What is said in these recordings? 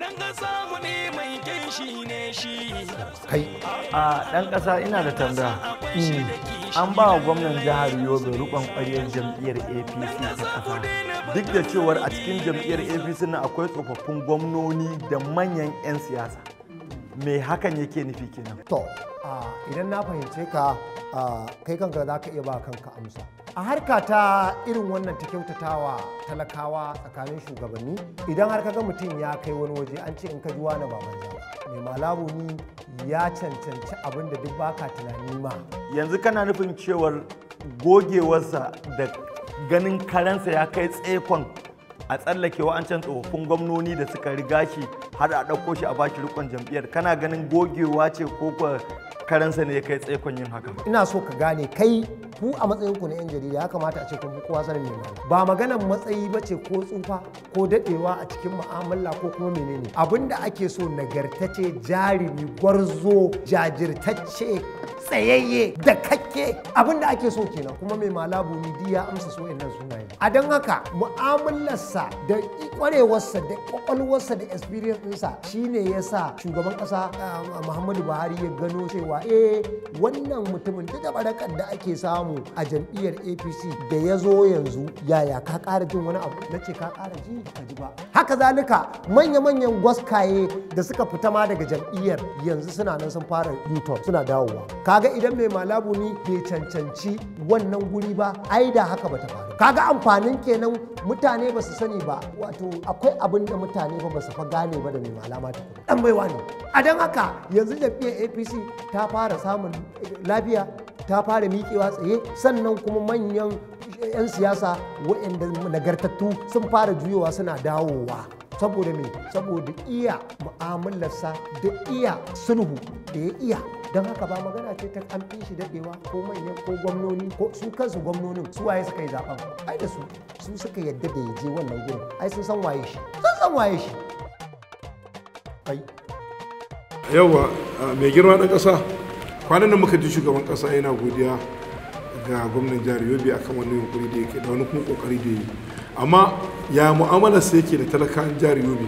Dan ƙasa mai kyan ne shi. a ɗan ƙasa ina da tambaya. Hmm, an ba wa gwamnan jihar Yobe rukon ƙwaryar jam'iyyar APC ta ƙasa. Duk da cewar a cikin jam'iyyar APC na akwai tsofaffin gwamnoni da manyan 'yan siyasa. me hakan yake nufi kenan to idan na fahimce ka kai kanka za ka iya ba kanka amsa a harka ta irin wannan ta kyautatawa talakawa tsakanin shugabanni idan har kaga mutum ya kai wani waje an ce in ka ji wani ba banza mai malabu ni ya cancanci abin da duk baka tunani ma yanzu kana nufin cewar gogewarsa da ganin karensa ya kai tsekon a tsallake wa'ancan tsofaffin gwamnoni da suka riga shi har a ɗauko shi a bashi rikon jam'iyyar kana ganin gogewa ce ko karansa ne ya kai tsaikon yin haka ina so ka gane kai ku a matsayin ku na yan jarida ya kamata a ce kun kowa sanin mai magana ba maganan matsayi ba ce ko tsufa ko dadewa a cikin mu'amala ko kuma menene abinda ake so nagartace jarumi gwarzo jajirtacce tsayayye da kakke abinda ake so kenan kuma mai malabu ni ya amsa so in nan sunaye a don haka mu'amalarsa da kwarewarsa da kwakwalwarsa da experience ɗinsa shine ya sa shugaban ƙasa ah, muhammadu buhari ya gano cewa eh wannan mutumin duk da barakar da ake samu samu a jam'iyyar apc da ya zo yanzu yaya ka ƙara jin wani abu na ce ka ƙara ji ka ji ba haka zalika manya-manyan gwaskaye da suka fita ma daga jam'iyyar yanzu suna nan sun fara yuton suna dawowa kaga idan mai malabu ni bai cancanci wannan guri ba ai da haka bata faru kaga amfanin kenan mutane ba su sani ba wato akwai abin da mutane ba su fa gane ba da mai malama tukuna dan baiwa ne a don haka yanzu jam'iyyar apc ta fara samun lafiya ta fara miƙewa tsaye sannan kuma manyan 'yan siyasa waɗanda nagartattu sun fara juyowa suna dawowa saboda me saboda iya mu'amalarsa da iya sulhu da ya iya don haka ba magana ce ta an fi shi daɗewa ko manyan ko gwamnoni ko su kansu gwamnonin su waye suka yi zaɓen ai da su su suka yadda da ya je wannan gurin ai sun san waye shi sun san waye shi kai yawa mai girma ɗan ƙasa kwanan nan muka ji shugaban kasa yana godiya ga gwamnan jihar yobe kan wani yunkuri da yake da wani kuma kokari da yi amma ya mu'amalar sai yake da talakan jihar yobe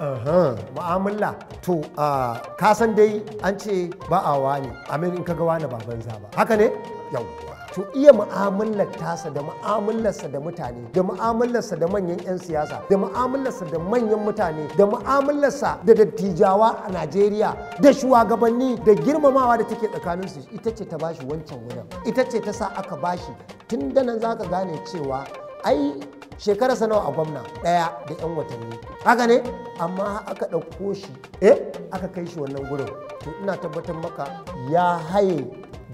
mu'amala to ka san dai an ce ba a wani amin in ka ga wani ba ba haka ne yau to iya mu'amalar tasa da mu'amalarsa da mutane da mu'amalarsa da manyan 'yan siyasa da mu'amalarsa da manyan mutane da mu'amalarsa da dattijawa a najeriya da shugabanni da girmamawa da take tsakaninsu ita ce ta bashi wancan wurin ita ce ta sa aka bashi tun da nan za ka gane cewa ai shekara nawa a gwamna ɗaya da 'yan watanni haka ne amma aka ɗauko shi eh aka kai shi wannan gurin to ina tabbatar maka ya haye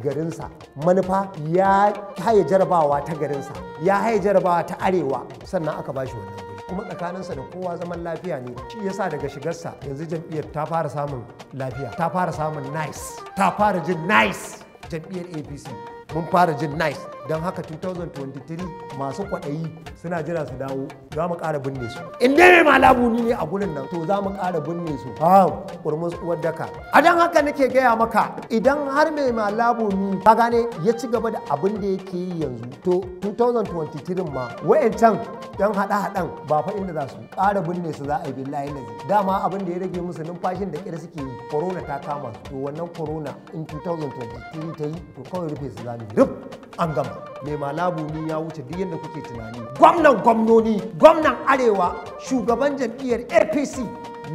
garinsa manufa ya haye jarabawa ta garinsa ya haye jarabawa ta arewa sannan aka ba shi wannan kuma tsakaninsa da kowa zaman lafiya ne shi yasa daga shigarsa yanzu jam'iyyar ta fara samun lafiya ta fara samun nice ta fara jin nice jam'iyyar apc mun fara jin nice don haka 2023 masu kwaɗayi suna jira su dawo za mu ƙara binne su in dai mai malabu ni ne a gurin nan to za mu ƙara binne su ha kurmus uwar daka a don haka nake gaya maka idan har mai malabu ni ka gane ya ci gaba da abin da yake yi yanzu to 2023 ma wa'ancan dan haɗa-haɗan ba fa inda za su ƙara binne su za a yi billahi lazi dama abin da ya rage musu numfashin da kira suke yi corona ta kama su to wannan corona in 2023 ta yi to kawai rufe su za mu ruf an gama mai malabumi ya wuce duk yadda kuke tunani gwamnan gwamnoni gwamnan arewa shugaban jam'iyyar apc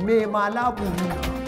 mai malabuni